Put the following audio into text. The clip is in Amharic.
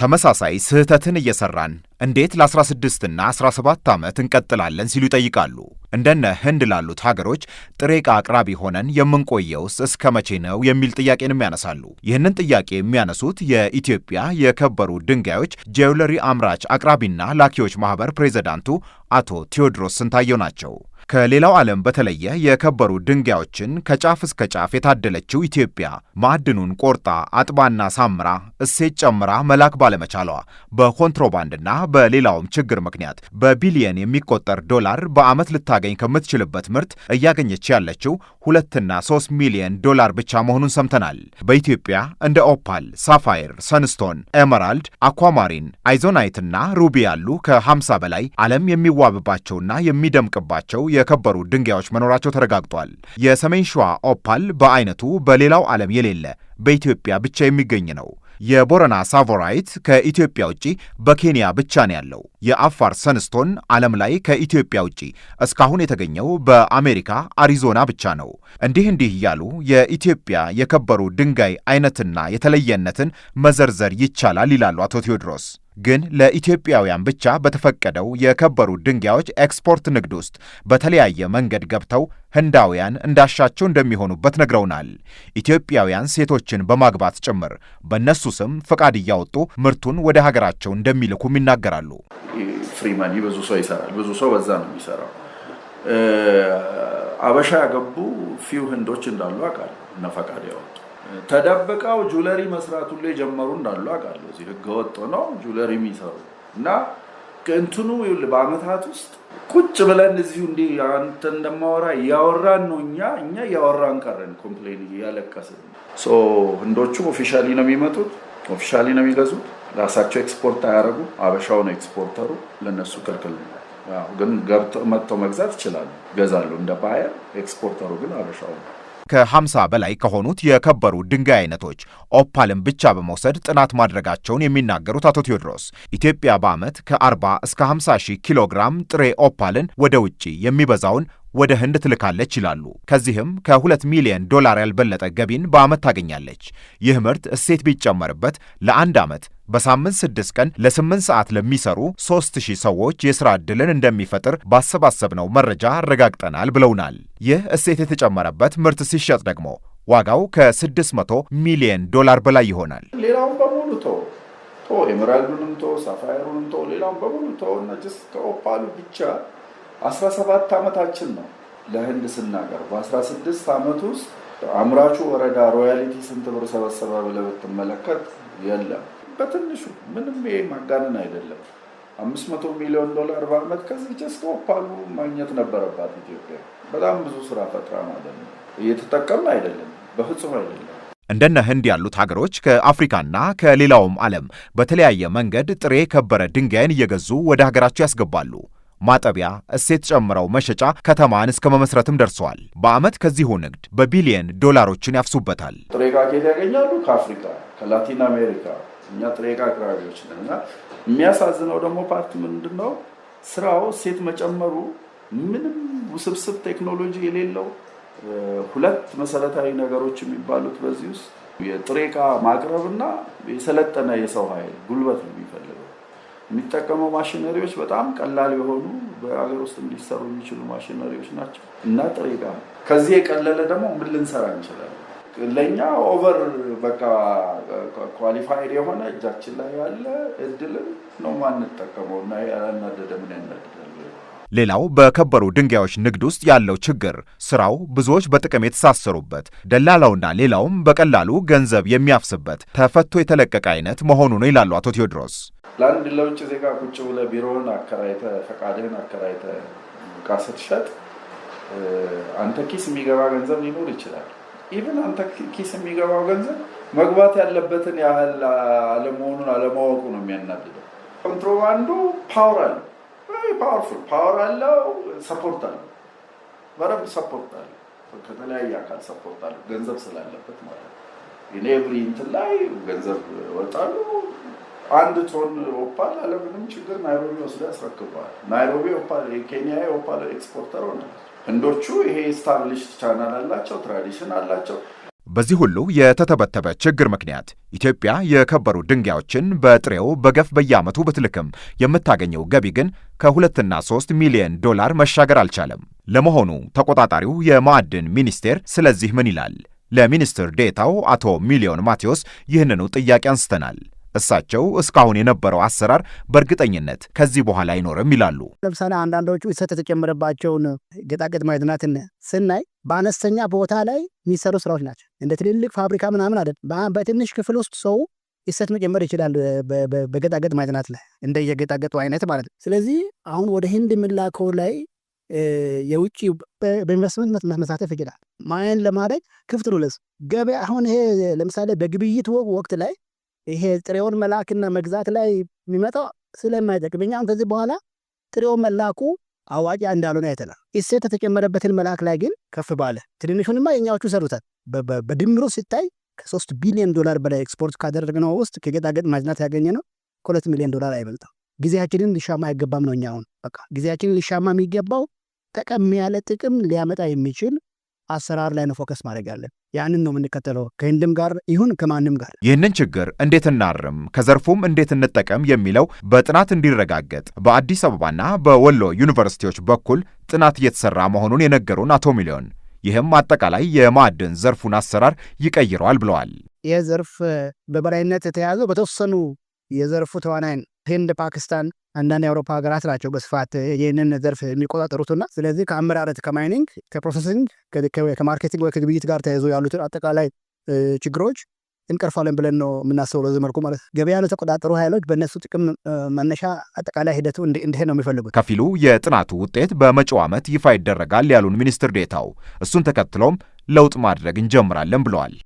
ተመሳሳይ ስህተትን እየሰራን እንዴት ለ16ና 17 ዓመት እንቀጥላለን ሲሉ ይጠይቃሉ። እንደነ ህንድ ላሉት ሀገሮች ጥሬ ዕቃ አቅራቢ ሆነን የምንቆየውስ እስከ መቼ ነው የሚል ጥያቄንም ያነሳሉ። ይህንን ጥያቄ የሚያነሱት የኢትዮጵያ የከበሩ ድንጋዮች ጄውለሪ አምራች አቅራቢና ላኪዎች ማህበር ፕሬዚዳንቱ አቶ ቴዎድሮስ ስንታየው ናቸው። ከሌላው ዓለም በተለየ የከበሩ ድንጋዮችን ከጫፍ እስከ ጫፍ የታደለችው ኢትዮጵያ ማዕድኑን ቆርጣ አጥባና ሳምራ እሴት ጨምራ መላክ ባለመቻሏ በኮንትሮባንድና በሌላውም ችግር ምክንያት በቢሊየን የሚቆጠር ዶላር በዓመት ልታገኝ ከምትችልበት ምርት እያገኘች ያለችው ሁለትና ሶስት ሚሊየን ዶላር ብቻ መሆኑን ሰምተናል። በኢትዮጵያ እንደ ኦፓል፣ ሳፋይር፣ ሰንስቶን፣ ኤመራልድ፣ አኳማሪን፣ አይዞናይትና ሩቢ ያሉ ከ50 በላይ ዓለም የሚዋብባቸውና የሚደምቅባቸው የከበሩ ድንጋዮች መኖራቸው ተረጋግጧል። የሰሜን ሸዋ ኦፓል በአይነቱ በሌላው ዓለም የሌለ በኢትዮጵያ ብቻ የሚገኝ ነው። የቦረና ሳቮራይት ከኢትዮጵያ ውጪ በኬንያ ብቻ ነው ያለው። የአፋር ሰንስቶን ዓለም ላይ ከኢትዮጵያ ውጪ እስካሁን የተገኘው በአሜሪካ አሪዞና ብቻ ነው። እንዲህ እንዲህ እያሉ የኢትዮጵያ የከበሩ ድንጋይ አይነትና የተለየነትን መዘርዘር ይቻላል ይላሉ አቶ ቴዎድሮስ። ግን ለኢትዮጵያውያን ብቻ በተፈቀደው የከበሩ ድንጋዮች ኤክስፖርት ንግድ ውስጥ በተለያየ መንገድ ገብተው ህንዳውያን እንዳሻቸው እንደሚሆኑበት ነግረውናል። ኢትዮጵያውያን ሴቶችን በማግባት ጭምር በእነሱ ስም ፈቃድ እያወጡ ምርቱን ወደ ሀገራቸው እንደሚልኩም ይናገራሉ። ፍሪማኒ ብዙ ሰው ይሰራል። ብዙ ሰው በዛ ነው የሚሰራው። አበሻ ያገቡ ፊው ህንዶች እንዳሉ አውቃለሁ እነ ፈቃድ ያወጡ ተደብቀው ጁለሪ መስራት ሁሉ የጀመሩ እንዳሉ አውቃለሁ። እዚህ ወጥ ነው ጁለሪ የሚሰሩ እና እንትኑ በአመታት ውስጥ ቁጭ ብለን እዚሁ እንዲህ አንተ እንደማወራ እያወራን ነው። እኛ እኛ እያወራን ቀረን፣ ኮምፕሌን እያለቀስን። ህንዶቹ ኦፊሻሊ ነው የሚመጡት፣ ኦፊሻሊ ነው የሚገዙት። ራሳቸው ኤክስፖርት አያደርጉም። አበሻው ነው ኤክስፖርተሩ። ለእነሱ ክልክል ነው፣ ግን ገብተው መጥተው መግዛት ይችላሉ፣ ገዛሉ እንደ ባየር። ኤክስፖርተሩ ግን አበሻው ነው። ከ50 በላይ ከሆኑት የከበሩ ድንጋይ አይነቶች ኦፓልን ብቻ በመውሰድ ጥናት ማድረጋቸውን የሚናገሩት አቶ ቴዎድሮስ ኢትዮጵያ በዓመት ከ40 እስከ 50 ሺህ ኪሎ ግራም ጥሬ ኦፓልን ወደ ውጭ የሚበዛውን ወደ ህንድ ትልካለች ይላሉ። ከዚህም ከ2 ሚሊዮን ዶላር ያልበለጠ ገቢን በዓመት ታገኛለች። ይህ ምርት እሴት ቢጨመርበት ለአንድ ዓመት በሳምንት 6 ቀን ለ8 ሰዓት ለሚሰሩ 3000 ሰዎች የሥራ ዕድልን እንደሚፈጥር ባሰባሰብነው መረጃ አረጋግጠናል ብለውናል። ይህ እሴት የተጨመረበት ምርት ሲሸጥ ደግሞ ዋጋው ከ600 ሚሊዮን ዶላር በላይ ይሆናል። ሌላውን በሙሉ ቶ ቶ ኤምራልዱንም ቶ ሳፋየሩንም ቶ ሌላውን በሙሉ ቶ እና ጅስ ከኦፓሉ ብቻ 17 ዓመታችን ነው ለህንድ ስናገር በ16 ዓመት ውስጥ አምራቹ ወረዳ ሮያሊቲ ስንት ብር ሰበሰበ ብለህ ብትመለከት የለም። በትንሹ ምንም ይሄ ማጋነን አይደለም። አምስት መቶ ሚሊዮን ዶላር በዓመት ከዚህ እስከ ኦፓሉ ማግኘት ነበረባት ኢትዮጵያ። በጣም ብዙ ስራ ፈጥራ ማለት ነው። አይደለም፣ በፍጹም አይደለም። እንደነ ህንድ ያሉት ሀገሮች ከአፍሪካና ከሌላውም ዓለም በተለያየ መንገድ ጥሬ ከበረ ድንጋይን እየገዙ ወደ ሀገራቸው ያስገባሉ። ማጠቢያ፣ እሴት ጨምረው መሸጫ ከተማን እስከ መመስረትም ደርሰዋል። በዓመት ከዚሁ ንግድ በቢሊየን ዶላሮችን ያፍሱበታል። ጥሬ ዕቃ ከየት ያገኛሉ? ከአፍሪካ፣ ከላቲን አሜሪካ። እኛ ጥሬ ዕቃ አቅራቢዎች ነን እና የሚያሳዝነው ደግሞ ፓርት ምንድን ነው ስራው እሴት መጨመሩ ምንም ውስብስብ ቴክኖሎጂ የሌለው ሁለት መሰረታዊ ነገሮች የሚባሉት በዚህ ውስጥ የጥሬ ዕቃ ማቅረብና የሰለጠነ የሰው ኃይል ጉልበት ነው የሚፈልገው። የሚጠቀሙ ማሽነሪዎች በጣም ቀላል የሆኑ በሀገር ውስጥ ሊሰሩ የሚችሉ ማሽነሪዎች ናቸው እና ጥሬ ጋ ከዚህ የቀለለ ደግሞ ምን ልንሰራ እንችላለን? ለእኛ ኦቨር በቃ ኳሊፋይድ የሆነ እጃችን ላይ ያለ እድልም ነው ማንጠቀመው እና ያናደደ ምን ሌላው በከበሩ ድንጋዮች ንግድ ውስጥ ያለው ችግር ስራው ብዙዎች በጥቅም የተሳሰሩበት ደላላውና ሌላውም በቀላሉ ገንዘብ የሚያፍስበት ተፈቶ የተለቀቀ አይነት መሆኑ ነው ይላሉ አቶ ቴዎድሮስ። ለአንድ ለውጭ ዜጋ ቁጭ ብለ ቢሮውን አከራይተ ፈቃድህን አከራይተ እቃ ስትሸጥ አንተ ኪስ የሚገባ ገንዘብ ሊኖር ይችላል። ኢቭን አንተ ኪስ የሚገባው ገንዘብ መግባት ያለበትን ያህል አለመሆኑን አለማወቁ ነው የሚያናድደው። ኮንትሮባንዱ ፓወር አለው፣ ፓወርፉል ፓወር አለው፣ ሰፖርት አለው፣ በረብ ሰፖርት አለው። ከተለያየ አካል ሰፖርት አለው፣ ገንዘብ ስላለበት ማለት ነው። እንትን ላይ ገንዘብ ወጣሉ አንድ ቶን ኦፓል አለምንም ችግር ናይሮቢ ወስዶ ያስረክበዋል። ናይሮቢ ኦፓል የኬንያ ኦፓል ኤክስፖርተር ሆነ። ህንዶቹ ይሄ ስታብሊሽድ ቻናል አላቸው፣ ትራዲሽን አላቸው። በዚህ ሁሉ የተተበተበ ችግር ምክንያት ኢትዮጵያ የከበሩ ድንጋዮችን በጥሬው በገፍ በየዓመቱ ብትልክም የምታገኘው ገቢ ግን ከሁለትና ሶስት ሚሊዮን ዶላር መሻገር አልቻለም። ለመሆኑ ተቆጣጣሪው የማዕድን ሚኒስቴር ስለዚህ ምን ይላል? ለሚኒስትር ዴታው አቶ ሚሊዮን ማቴዎስ ይህንኑ ጥያቄ አንስተናል። እሳቸው እስካሁን የነበረው አሰራር በእርግጠኝነት ከዚህ በኋላ አይኖርም ይላሉ። ለምሳሌ አንዳንዶቹ እሰት የተጨመረባቸውን ጌጣጌጥ ማዕድናትን ስናይ በአነስተኛ ቦታ ላይ የሚሰሩ ስራዎች ናቸው። እንደ ትልልቅ ፋብሪካ ምናምን አይደል። በትንሽ ክፍል ውስጥ ሰው እሰት መጨመር ይችላል። በጌጣጌጥ ማዕድናት ላይ እንደ የጌጣጌጡ አይነት ማለት ነው። ስለዚህ አሁን ወደ ህንድ የሚላከው ላይ የውጭ በኢንቨስትመንት መሳተፍ ይችላል። ማየን ለማድረግ ክፍት ነው። ገበያ አሁን ይሄ ለምሳሌ በግብይት ወቅት ላይ ይሄ ጥሬውን መላክና መግዛት ላይ የሚመጣው ስለማይጠቅም እኛም ከዚህ በኋላ ጥሬው መላኩ አዋቂ እንዳልሆነ አይተናል። እሴት የተጨመረበትን መላክ ላይ ግን ከፍ ባለ ትንንሹንማ የኛዎቹ ሰሩታል። በድምሮ ሲታይ ከሶስት ቢሊዮን ዶላር በላይ ኤክስፖርት ካደረግነው ውስጥ ከጌጣጌጥ ማዕድናት ያገኘ ነው ከሁለት ሚሊዮን ዶላር አይበልጣም። ጊዜያችንን ሊሻማ አይገባም ነው እኛ አሁን በቃ ጊዜያችንን ሊሻማ የሚገባው ጠቀም ያለ ጥቅም ሊያመጣ የሚችል አሰራር ላይ ነው ፎከስ ማድረግ ያለን። ያንን ነው የምንከተለው፣ ከህንድም ጋር ይሁን ከማንም ጋር። ይህንን ችግር እንዴት እናርም፣ ከዘርፉም እንዴት እንጠቀም የሚለው በጥናት እንዲረጋገጥ በአዲስ አበባና በወሎ ዩኒቨርሲቲዎች በኩል ጥናት እየተሰራ መሆኑን የነገሩን አቶ ሚሊዮን፣ ይህም አጠቃላይ የማዕድን ዘርፉን አሰራር ይቀይረዋል ብለዋል። ይህ ዘርፍ በበላይነት የተያዘው በተወሰኑ የዘርፉ ተዋናይን ህንድ፣ ፓኪስታን አንዳንድ የአውሮፓ ሀገራት ናቸው በስፋት ይህንን ዘርፍ የሚቆጣጠሩትና ስለዚህ ከአመራረት ከማይኒንግ ከፕሮሰሲንግ ከማርኬቲንግ ወይ ከግብይት ጋር ተያይዞ ያሉትን አጠቃላይ ችግሮች እንቀርፋለን ብለን ነው የምናስበው። በዚህ መልኩ ማለት ገበያ ለተቆጣጠሩ ኃይሎች በእነሱ ጥቅም መነሻ አጠቃላይ ሂደቱ እንዲህ ነው የሚፈልጉት። ከፊሉ የጥናቱ ውጤት በመጪው ዓመት ይፋ ይደረጋል ያሉን ሚኒስትር ዴታው እሱን ተከትሎም ለውጥ ማድረግ እንጀምራለን ብለዋል።